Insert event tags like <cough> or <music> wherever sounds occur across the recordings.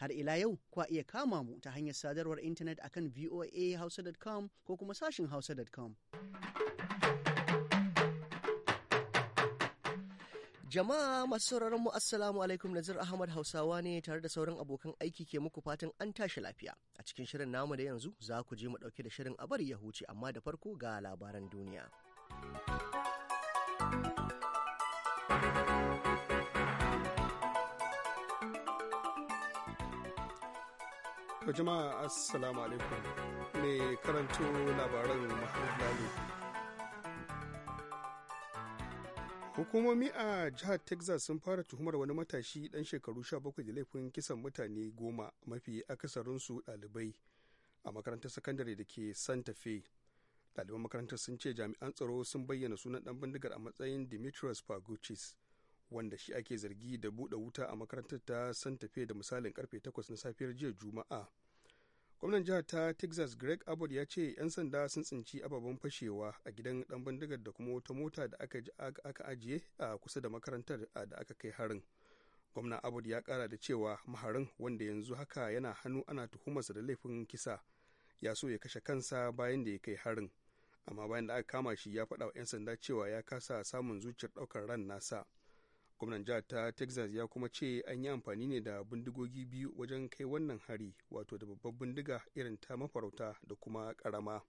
har ila yau kwa iya kama mu ta hanyar sadarwar intanet akan voahausa.com ko kuma sashin hausa.com. Jama'a masu sauraron mu Assalamu alaikum Nazir Ahmad Hausawa ne tare da sauran abokan aiki ke muku fatan an tashi lafiya. A cikin shirin namu da yanzu za ku je mu dauke da shirin a bari ya huce amma da farko ga labaran duniya. To jama'a assalamu alaikum ne karanto labaran Mahmud Lalu. Hukumomi a jihar Texas sun fara tuhumar wani matashi dan shekaru 17 da laifin kisan mutane goma mafi akasarinsu ɗalibai a makarantar sakandare da ke Santa Fe. Ɗaliban makarantar sun ce jami'an tsaro sun bayyana sunan ɗan bindigar a matsayin Demetrius Paguchis. wanda shi ake zargi da buɗe wuta a makarantar ta santa fe da misalin karfe 8 na safiyar jiya juma'a gwamnan jihar ta texas greg abbott ya ce 'yan sanda sun tsinci ababen fashewa a gidan dan bindigar da kuma wata mota da aka ajiye a kusa da makarantar da aka kai harin gwamnan abbott ya kara da cewa maharin wanda yanzu haka yana hannu ana tuhumarsa da laifin kisa ya so ya kashe kansa bayan da ya kai harin amma bayan da aka kama shi ya faɗa wa 'yan sanda cewa ya kasa samun zuciyar ɗaukar ran nasa gwamnan jihar ta texas ya kuma ce an yi amfani ne da bindigogi biyu wajen kai wannan hari wato da babbar bindiga irin ta mafarauta da kuma karama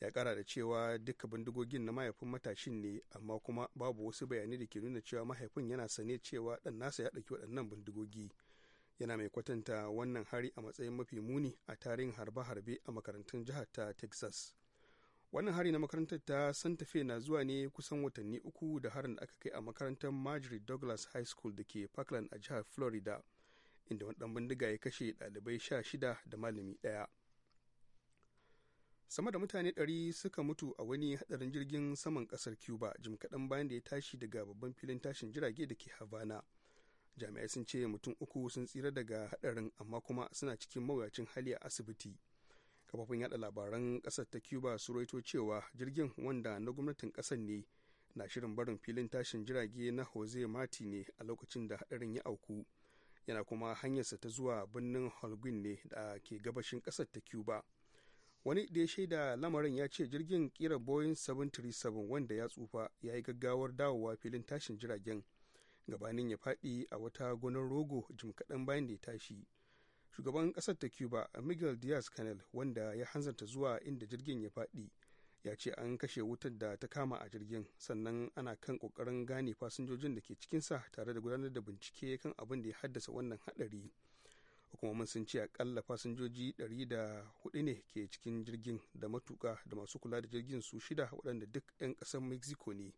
ya kara da cewa duka bindigogin na mahaifin matashin ne amma kuma babu wasu bayanai da ke nuna cewa mahaifin yana sane cewa dan nasa ya ɗauki waɗannan bindigogi yana mai kwatanta wannan hari a matsayin mafi muni a tarihin harbe-harbe a makarantun jihar ta texas wannan hari na makarantar ta santa fe na zuwa ne kusan watanni uku da harin da aka kai a makarantar marjorie douglas high school da ke parkland a jihar florida inda wani dan bindiga ya kashe ɗalibai sha shida da malami ɗaya sama da mutane 100 suka mutu a wani hadarin jirgin saman kasar cuba jim kaɗan bayan da ya tashi daga babban filin tashin jirage da ke havana jami'ai sun ce mutum uku sun tsira daga hadarin amma kuma suna cikin mawuyacin hali a asibiti kafafun yada labaran kasar ta cuba su raito cewa jirgin wanda na gwamnatin kasar ne na shirin barin filin tashin jirage na jose mati ne a lokacin da hadarin ya auku yana kuma hanyarsa ta zuwa birnin holguin ne da ke gabashin kasar ta cuba wani da ya shaida lamarin ya ce jirgin kira boeing 737 wanda ya tsufa ya yi gaggawar dawowa filin tashin jiragen gabanin ya faɗi a wata gonar rogo jim kaɗan bayan da ya tashi shugaban kasar ta cuba miguel diaz canel wanda ya hanzarta zuwa inda jirgin ya faɗi ya ce an kashe wutar da ta kama a jirgin sannan ana kan kokarin gane fasinjojin da ke cikinsa tare da gudanar da bincike kan abin da ya haddasa wannan haɗari hukumomin sun ce akalla fasinjoji 104 ne ke cikin jirgin da matuka da masu kula da jirgin su shida waɗanda duk 'yan ƙasar mexico ne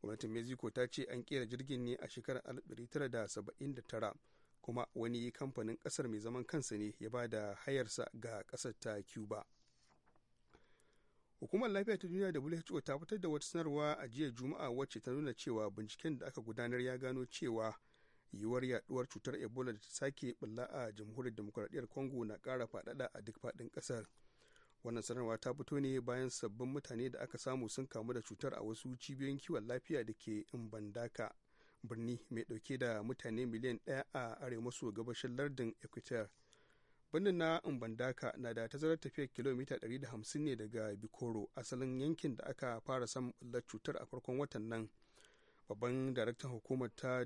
gwamnatin mexico ta ce an kera jirgin ne a shekarar 1979 kuma wani kamfanin kasar mai zaman kansa ne ya ba da hayarsa ga kasar ta cuba hukumar lafiya ta duniya who ta fitar da wata sanarwa a jiya juma'a wacce ta nuna cewa binciken da aka gudanar ya gano cewa yiwuwar yaduwar cutar ebola da ta sake bulla a jamhuriyar demokuraɗiyyar congo na ƙara faɗaɗa a duk faɗin ƙasar wannan sanarwa ta fito ne bayan sabbin mutane da aka samu sun kamu da cutar a wasu cibiyoyin kiwon lafiya da ke mbandaka birni mai ɗauke da mutane miliyan ɗaya a arewa maso gabashin lardin equator birnin na mbandaka na da tazarar tafiyar kilomita 150 ne daga bikoro asalin yankin da aka fara samun ɓullar cutar a farkon watan nan babban daraktan hukumar ta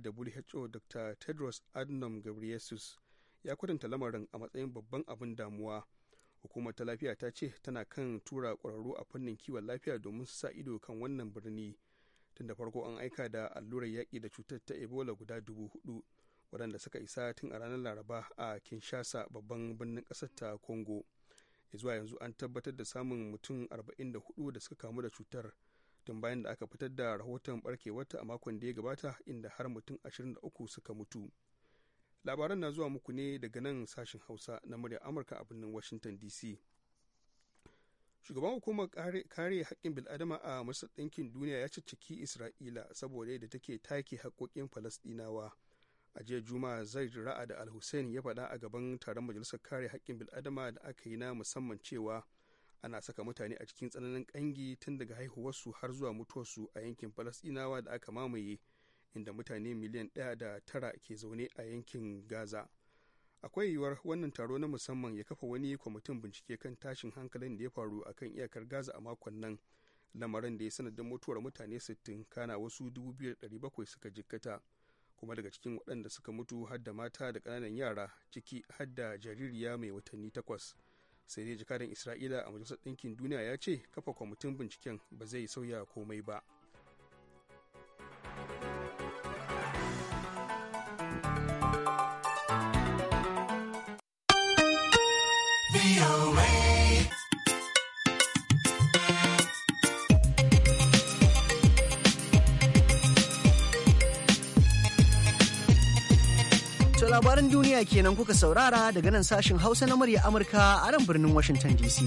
who dr tedros adnom gabriyesus ya kwatanta lamarin a matsayin babban abin damuwa hukumar ta lafiya ta ce tana kan tura ƙwararru a fannin kiwon lafiya domin su sa ido kan wannan birni tun da farko an aika da allurar yaƙi da cutar ta ebola guda dubu hudu waɗanda suka isa tun a ranar laraba a kinshasa babban birnin ƙasar ta congo zuwa yanzu an tabbatar da samun mutum arba'in da da suka kamu da cutar tun bayan da aka fitar da rahoton barkewarta a makon da ya gabata inda har mutum ashirin da uku suka mutu labaran na zuwa muku ne daga nan sashen hausa na murya amurka a birnin washington dc shugaban hukumar kare haƙƙin bil'adama a masar ɗinkin duniya ya cicciki isra'ila saboda yadda take take haƙƙoƙin falasɗinawa a jiya juma'a zai ra'a da alhussein ya faɗa a gaban taron majalisar kare haƙƙin bil'adama da aka yi na musamman cewa ana saka mutane a cikin tsananin ƙangi tun daga haihuwarsu har zuwa mutuwarsu a yankin falasɗinawa da aka mamaye inda mutane miliyan ɗaya da tara ke zaune a yankin gaza akwai yiwuwar wannan taro na musamman ya kafa wani kwamitin bincike kan tashin hankalin da ya faru a kan iyakar gaza a makon nan lamarin da ya sanadin mutuwar mutane 60 kana wasu 2,700 suka jikkata kuma daga cikin waɗanda suka mutu har da mata da ƙananan yara ciki har da jaririya mai watanni takwas sai dai jakadan isra'ila a majalisar ɗinkin duniya ya ce kafa kwamitin binciken ba zai sauya komai ba. labaran duniya kenan kuka saurara daga nan sashen Hausa na murya Amurka a nan birnin Washington DC.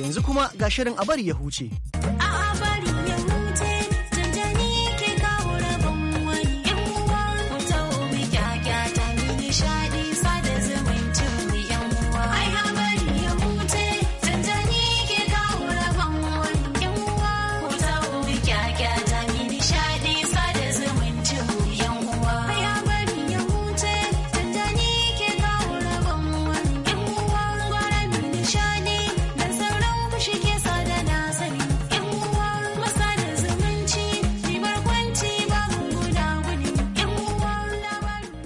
Yanzu kuma ga shirin a bari ya huce.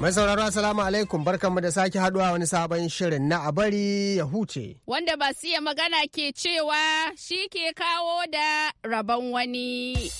Mai sauraro Assalamu alaikum barkanmu da sake haduwa wani sabon shirin na a bari ya huce. Wanda ba iya magana ke cewa shi ke kawo da rabon wani.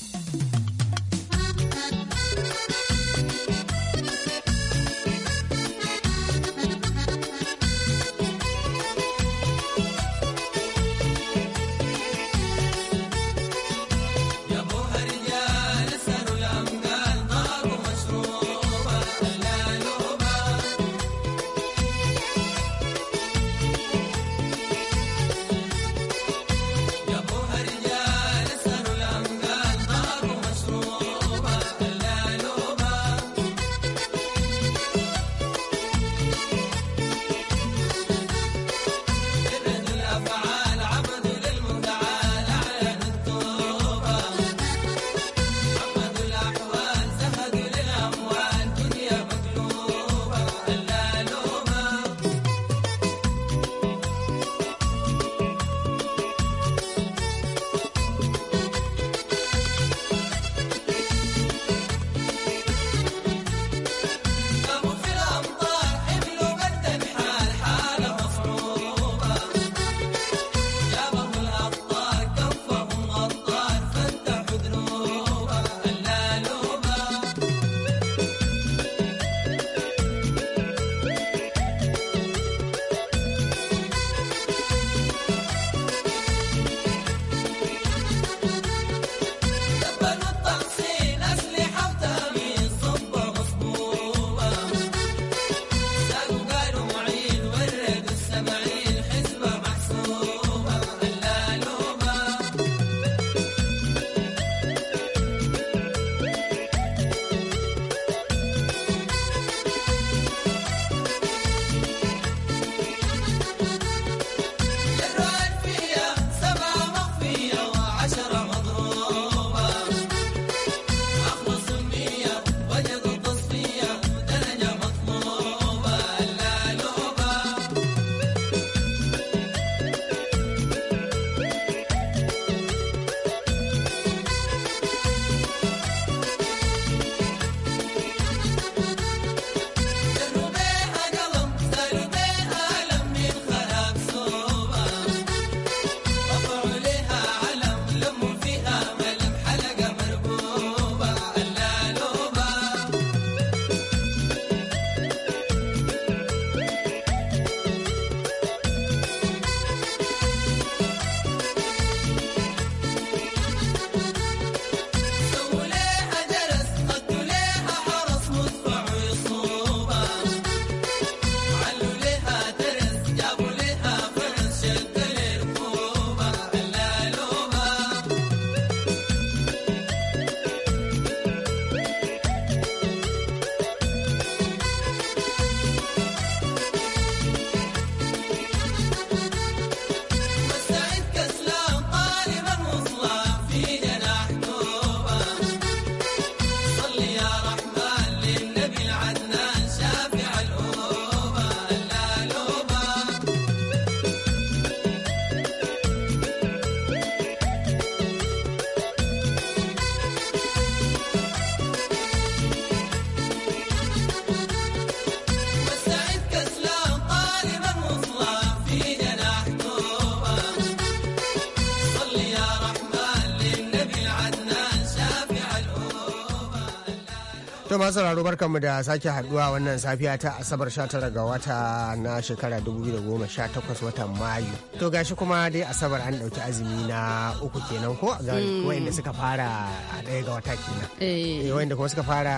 sauraro barkanmu da sake haduwa wannan safiya ta asabar 19 ga wata na shekara 2018 watan mayu to gashi kuma dai asabar an dauki azumi na uku kenan ko ga mm. wanda suka fara a daya ga wata kenan eh, eh wanda kuma suka fara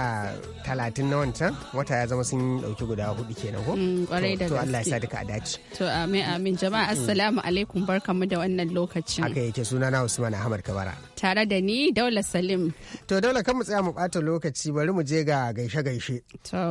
30 na wancan wata ya zama sun dauki guda hudu kenan ko mm, to Allah ya sa duka a dace to amin amin jama'a mm. assalamu alaikum barkanmu da wannan lokacin haka yake suna na Usman Ahmad Kabara tare da ni Daula Salim. To Daula kan mu tsaya mu bata lokaci bari mu je ga gaishe-gaishe.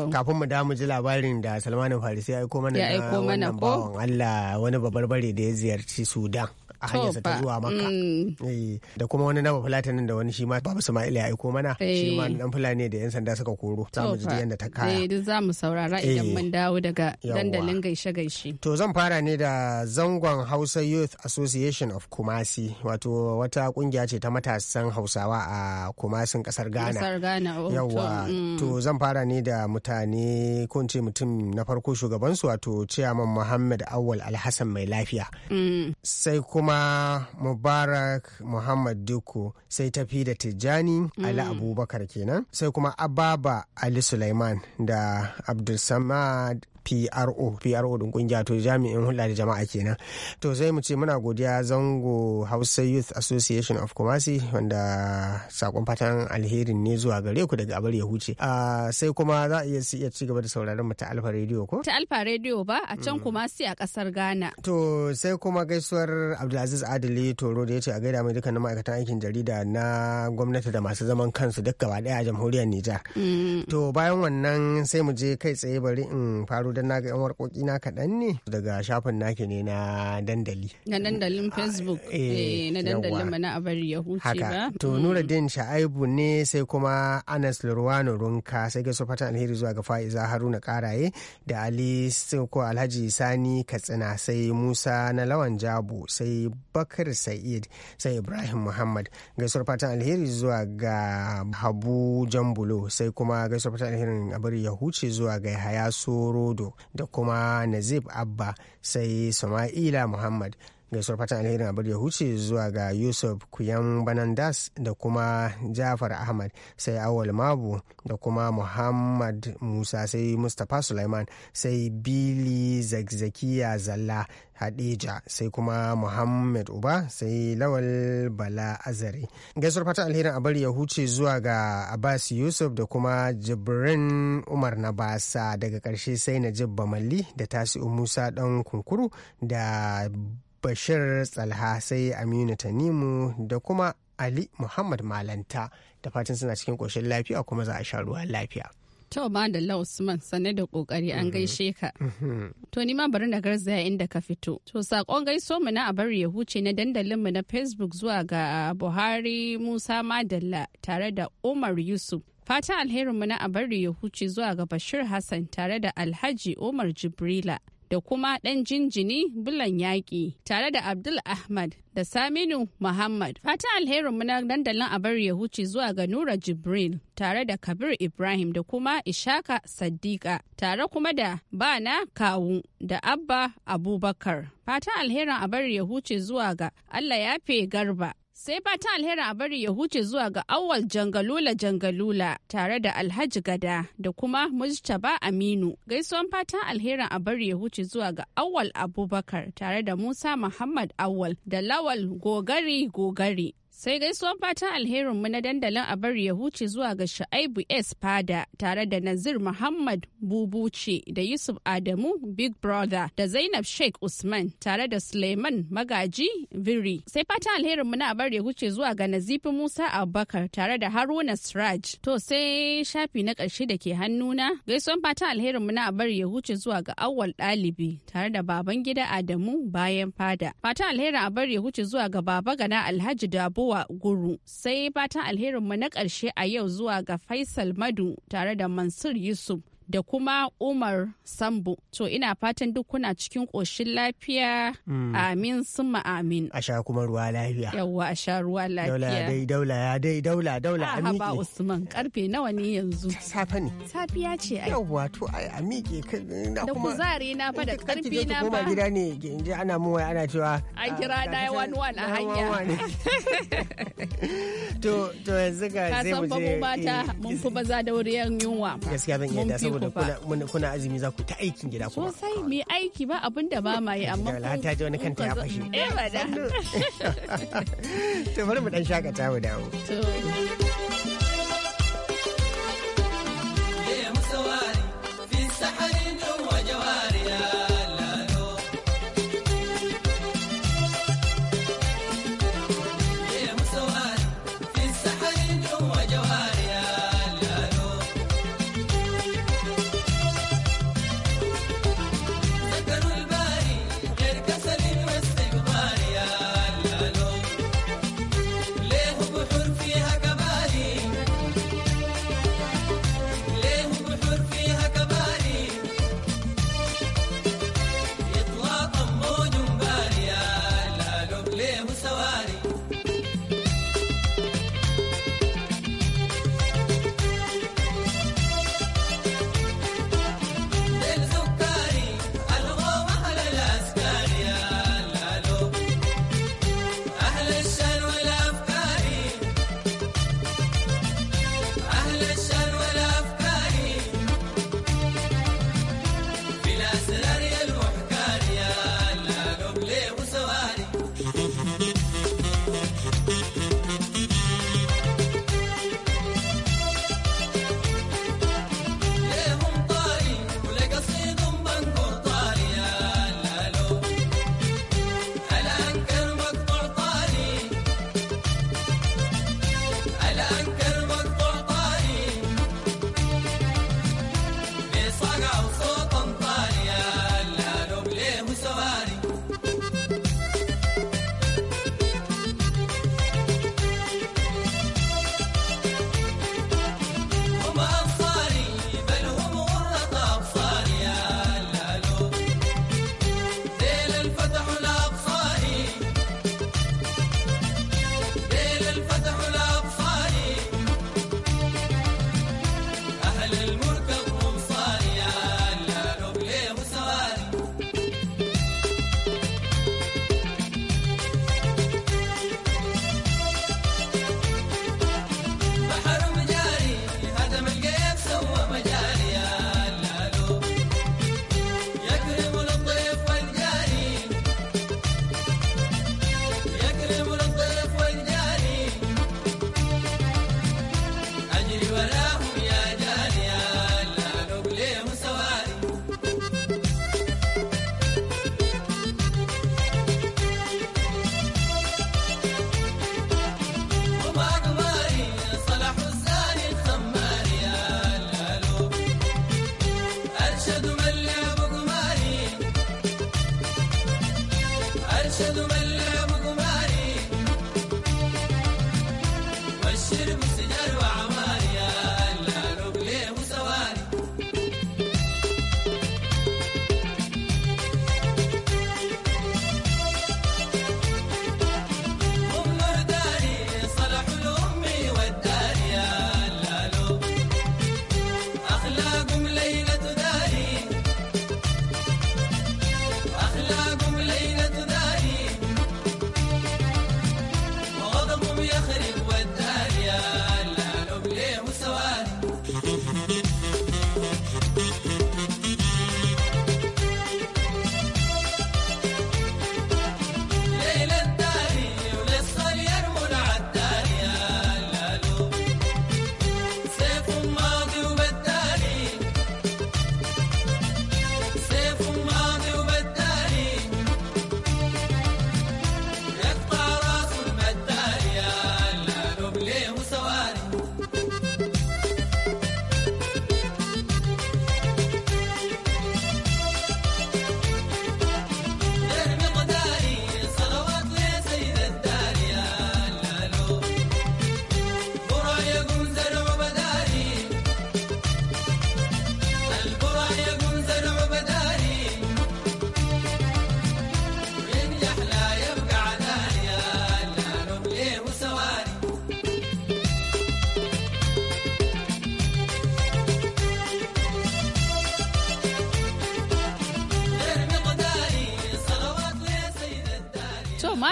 Kafin mu da ji labarin da Salmanu Farisi ya aiko mana na wannan bawan Allah wani babar babarbare da ya ziyarci Sudan. a hanyarsa ta zuwa maka mm. eh, da kuma wani na fulatinin da wani shi ma babu sama'il ya aiko mana shi eh. ma dan fulani da yan sanda suka koro za mu ji yadda ta kaya duk za mu saurara idan eh. mun dawo daga dandalin gaishe gaishe to zan fara ne da zangon Hausa Youth Association of Kumasi wato wata kungiya ce ta matasan Hausawa a Kumasin kasar Ghana kasar Ghana oh, yawa mm. to zan fara ne da mutane ko ce mutum na farko shugaban su wato Chairman Muhammad Awal Alhassan mai lafiya mm. sai kuma kuma mubarak muhammad duku sai tafi da tijjani mm. ali abubakar kenan sai kuma ababa ali sulaiman da abdulsamad PRO PRO din kungiya to jami'in hulɗa da jama'a kenan to sai mu ce muna godiya zango Hausa Youth Association of Kumasi wanda sakon fatan alherin ne zuwa gare ku daga abar ya huce ah, sai kuma za a iya ci gaba da sauraron mu ta Alfa Radio ko ta Alfa Radio ba a can Kumasi a kasar Ghana to sai kuma gaisuwar Abdulaziz Adili Toro da ya ce a gaida mai dukkanin ma'aikatan aikin jarida na gwamnati da masu zaman kansu duk gaba daya a jamhuriyar Nijar mm. to bayan wannan sai mu je kai tsaye bari in faro don na ga yan warkoki na kaɗan ne daga shafin naki ne na dandali. Na dandalin ah, Facebook. Eh, eh, na dandalin mana a bari ya huce ba. To nura mm. Nuruddin Sha'aibu ne sai kuma Anas Lurwano Runka sai ga fatan alheri zuwa ga Fa'iza Haruna Karaye da Ali ko Alhaji Sani Katsina sai Musa na Lawan Jabo sai Bakar Sa'id sai Ibrahim Muhammad ga fatan alheri zuwa ga Habu Jambulo sai kuma ga fatan alherin a bari ya huce zuwa ga hayaso rodo. Audu da kuma Nazib Abba sai Sama'ila Muhammad gaisuwar fatan alheri na ya huce zuwa ga yusuf kuyan banandas da kuma jafar ahmad sai awal mabu da kuma muhammad musa sai mustapha sulaiman sai bili zakzakiya zalla Hadija sai kuma Muhammad Uba sai Lawal Bala Azari Gaisuwar fatan alherin a ya huce zuwa ga Abbas Yusuf da kuma Jibrin Umar na Basa daga karshe sai Najib Bamalli da Tasi'u Musa Dan kunkuru da bashir tsalha sai aminu tanimu da kuma ali muhammad malanta da fatan suna cikin ƙoshin lafiya kuma za a sha ruwan lafiya ma da Usman sanne da kokari an mm-hmm. gaishe ka. Mm-hmm. To ni ma bari na garzaya inda ka fito. To sakon gaiso mu na a bari ya huce na dandalin mu na Facebook zuwa ga Buhari Musa Madalla tare da Umar Yusuf. Fatan alherin mu na a bari ya huce zuwa ga Bashir Hassan tare da Alhaji Umar Jibrila da kuma ɗan jinjini bulan yaƙi tare da Abdul Ahmad da Saminu Muhammad. Fatan alherin mu na dandalin abar ya huce zuwa ga Nura Jibril tare da Kabir Ibrahim da kuma Ishaka Saddiqa tare kuma da Bana Kawu da Abba Abubakar. Fatan alherin abar ya huce zuwa ga Allah yafe Garba Sai fatan alhera a bari ya huce zuwa ga awal jangalula jangalula tare da Alhaji Gada da kuma Mujtaba Aminu. Gaisuwan fatan alherin a bari ya huce zuwa ga awal Abubakar tare da Musa Muhammad Awal da Lawal Gogari Gogari Sai gaisuwan fatan alherinmu na dandalin a bar ya huce zuwa ga Sha'aibu S. Fada tare da Nazir Muhammad Bubuce da Yusuf Adamu Big Brother da Zainab Sheikh Usman tare da Suleiman Magaji Viri. Sai fatan alherinmu na a bar ya huce zuwa ga Nazifi Musa Abubakar tare da Haruna Siraj. To sai shafi na ƙarshe da ke hannuna gaisuwan fatan alherinmu na a bari ya huce zuwa ga awwal ɗalibi tare da Babangida Adamu bayan fada. Fatan alherin a bar ya huce zuwa ga baba gana Alhaji Dabo zuwa Guru sai fatan alherinmu na ƙarshe a yau zuwa ga Faisal Madu tare da Mansur Yusuf da kuma Umar Sambo. To ina fatan duk kuna cikin ƙoshin lafiya. Mm. Amin summa amin. A sha kuma ruwa lafiya. Yawwa a sha ruwa lafiya. Daula dai daula ya dai daula daula a miƙe. ba Usman karfe nawa ne yanzu? Safa ne. Safiya ce ai. Yawwa to ai a miƙe. Da kuzari na fa da karfi na ba Kuma gida ne in ana mun ana cewa. An ah, kira ɗaya wani a hanya. <laughs> To to yanzu ga zai mu je. Ka san ba mu mata mun fi baza da yunwa. Gaskiya ban iya saboda saboda kuna azumi za ku ta aikin gida kuma sosai mai aiki ba abin da ba ma yi <laughs> amma ku ta ji wani kanta ya fashe eh ba da <laughs> to bari mu dan shakata mu dawo to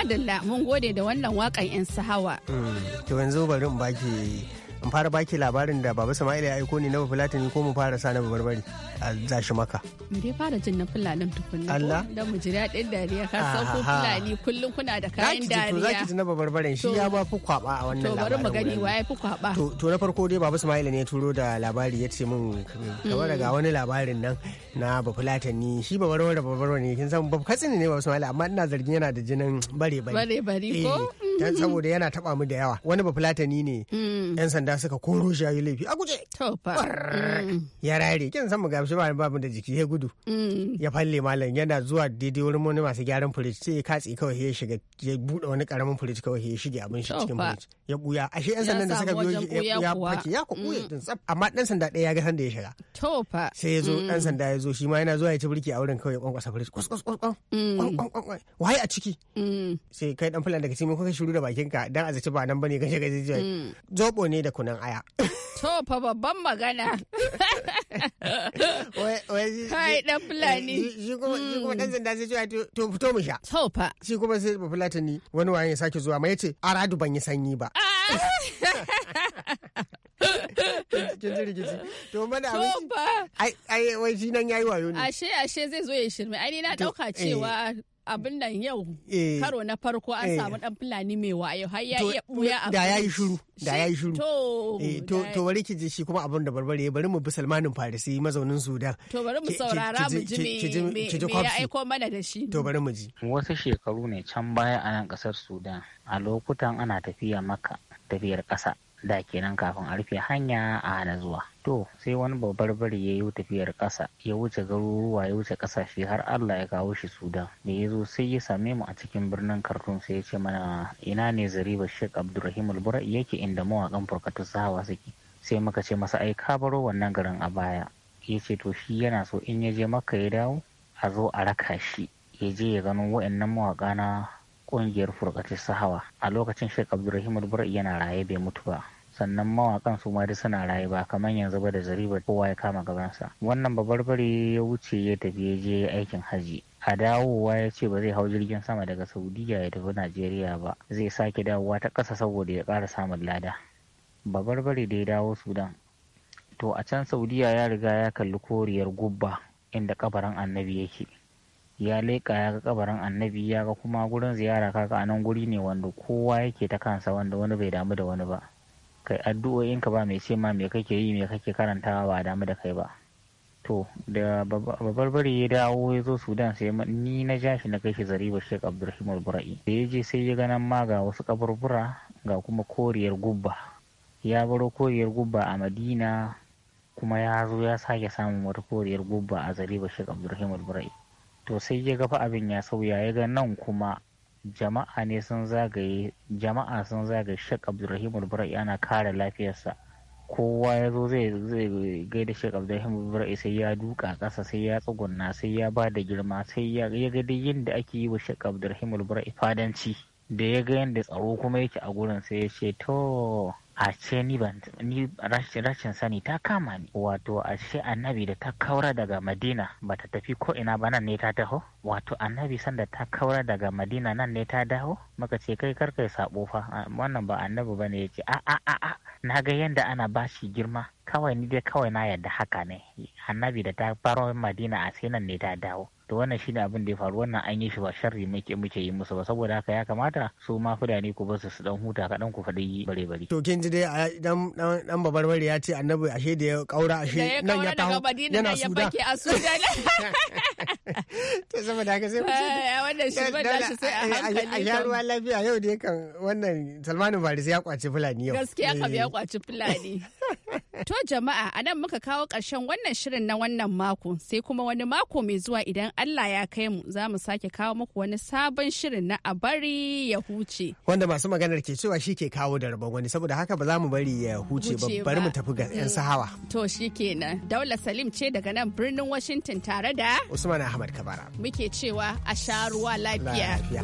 madalla mun gode da wannan wakan 'yan sahawa. Hmm, to yanzu bari in baki in fara baki labarin da Baba Sama'ila ya aiko ni na Bafulatani ko mu fara sa na bari za shi maka. Mu fara jin na fulanin tukunna. Allah. Da mu jira ɗin dariya ka san ku fulani kullum kuna da kayan dariya. Za ki ji na babarbaren shi ya ba fi kwaba a wannan labarin. To bari mu gani wa ya fi kwaba. To na farko dai babu Ismail ne turo da labari ya ce min kamar daga mm. wani labarin nan na bafulatani shi babarwar da babarwar ne kin san babu katsini ne babu Ismail amma ina zargin yana da jinin bare bare. Bare bare ko? Eh, mm. saboda yana taba mu da yawa wani bafulatani ne mm. yan sanda suka koro shi a yi laifi a guje. To fa. Ya rare kin san mu ga gamsu ba babu da jiki ya gudu mm. ya falle malam yana zuwa daidai wurin wani masu gyaran firij sai ya katse kawai ya shiga ya buɗe wani karamin firij kawai ya shige abin shi cikin firij ya buya ashe yan sandan da suka biyo shi ya fake ya kuɓuya din mm. tsaf amma dan sanda ɗaya ya ga sanda ya shiga tofa sai ya zo dan mm. sanda ya zo shi ma yana zuwa ya ci birki a wurin kawai ya kwankwasa firij kwas kwas kwas kwas waye a ciki sai kai dan fulani daga cikin kuka shiru da bakin ka dan azaci ba nan bane gaje gaje zobo ne da kunan aya to fa babban magana <laughs> Kai dan Fulani. Shi kuma mm. dan sanda sai cewa to fito mu sha. Sau fa. Shi kuma sai ba Fulatani wani wayan ya sake zuwa ma yace aradu ban yi sanyi ba. Ah! <laughs> kin ji to mana abinci ai ai wai shi nan yayi wayo ne ashe ashe zai zo ya shirme ai ni na dauka eh. cewa abin nan yau eh. karo na farko an eh. samu dan fulani mai wayo har ya iya buya abin da yayi shiru da yayi shiru to eh, to bari ki ji shi kuma abin da barbare bari mu bi Salmanin Farisi mazaunin Sudan to bari mu saurara mu ji me ya aiko mana da shi to bari mu ji wasu shekaru ne can baya a nan kasar Sudan a lokutan ana tafiya maka tafiyar kasa da kenan kafin a rufe hanya a na zuwa to sai wani babbar bari ya yi tafiyar ƙasa ya wuce garuruwa ya wuce ƙasashe har allah ya kawo shi sudan da ya zo sai ya same mu a cikin birnin khartoum sai ya ce mana ina ne zariba sheikh abdulrahim albura yake inda mawakan furkatu sahawa suke sai muka ce masa ai ka baro wannan garin a baya ya ce to shi yana so in ya je maka ya dawo a zo a raka shi ya je ya gano wa'annan mawaƙa na ƙungiyar furkatu sahawa a lokacin shek abdulrahim albura yana raye bai mutu ba sannan mawakan su ma duk suna rayu ba kamar yanzu ba da zariba kowa ya kama gabansa wannan babarbare ya wuce ya tafi ya je aikin haji a dawowa ya ce ba zai hau jirgin sama daga saudiya ya tafi najeriya ba zai sake dawowa ta ƙasa saboda ya ƙara samun lada babarbare da ya dawo sudan to a can saudiya ya riga ya kalli koriyar gubba inda kabarin annabi yake ya leƙa ya ga kabarin annabi ya ga kuma gurin ziyara kaga a nan guri ne wanda kowa yake ta kansa wanda wani bai damu da wani ba kai addu'o'in ka ba mai ce ma me kake yi me kake karantawa ba damu da kai ba to da bari ya dawo ya zo sudan sai ni na jashi na kai shi zariba sheik abdulrahim al da ya je sai ya ga nan ma ga wasu kaburbura ga kuma koriyar gubba ya baro koriyar gubba a madina kuma ya zo ya sake samun wata koriyar gubba a zariba sheik abdulrahim al to sai ya ga fa abin ya sauya ya ga nan kuma jama'a ne sun zagaye jama'a sun zagaye shek abdulrahim albarai ana kare lafiyarsa kowa ya zo zai gaida shek abdulrahim albarai sai ya duka kasa sai ya tsugunna sai ya ba da girma sai ya ga dai yinda ake yi wa shek abdulrahim albarai fadanci da ya ga yadda tsaro kuma yake a gurin sai ya ce to ce ni ban ni rashin sani ta kama ni wato ashe annabi da ta kaura daga madina bata tafi ko ina ba nan ne ta taho wato annabi sanda ta kaura daga madina nan ne ta dawo muka ce kai karkai sabo fa wannan ba annabi bane yace a a a na ga yanda ana bashi girma kawai ni dai kawai na yadda haka ne annabi da ta faro madina a sai nan ne ta dawo to wannan shine abin da ya faru wannan an yi shi ba sharri muke muke yi musu ba saboda haka ya kamata su ma fulani ku basu su dan huta kaɗan ku faɗi bare bare to kin ji dai dan dan babarbare ya ce annabi ashe da ya kaura ashe nan ya taho yana suda ya a suda <laughs> <laughs> to saboda haka sai eh, eh, wannan shi ban shi sai a hankali a ruwa lafiya yau dai kan wannan Salmanu Faris ya kwaci fulani yau gaskiya kam ya eh. kwaci fulani <laughs> To jama'a a nan muka kawo ƙarshen wannan shirin na wannan mako sai kuma wani mako mai zuwa idan Allah ya kai mu za mu sake kawo muku wani sabon shirin na a bari ya huce. Wanda masu maganar ke cewa shi ke kawo da rabon wani saboda haka ba za mu bari ya huce ba bari mu tafi ga 'yan sahawa. Mm. To shi kenan Daula Salim ce daga nan birnin Washington tare da Usman Ahmad Kabara. Muke cewa a sha ruwa lafiya. Ya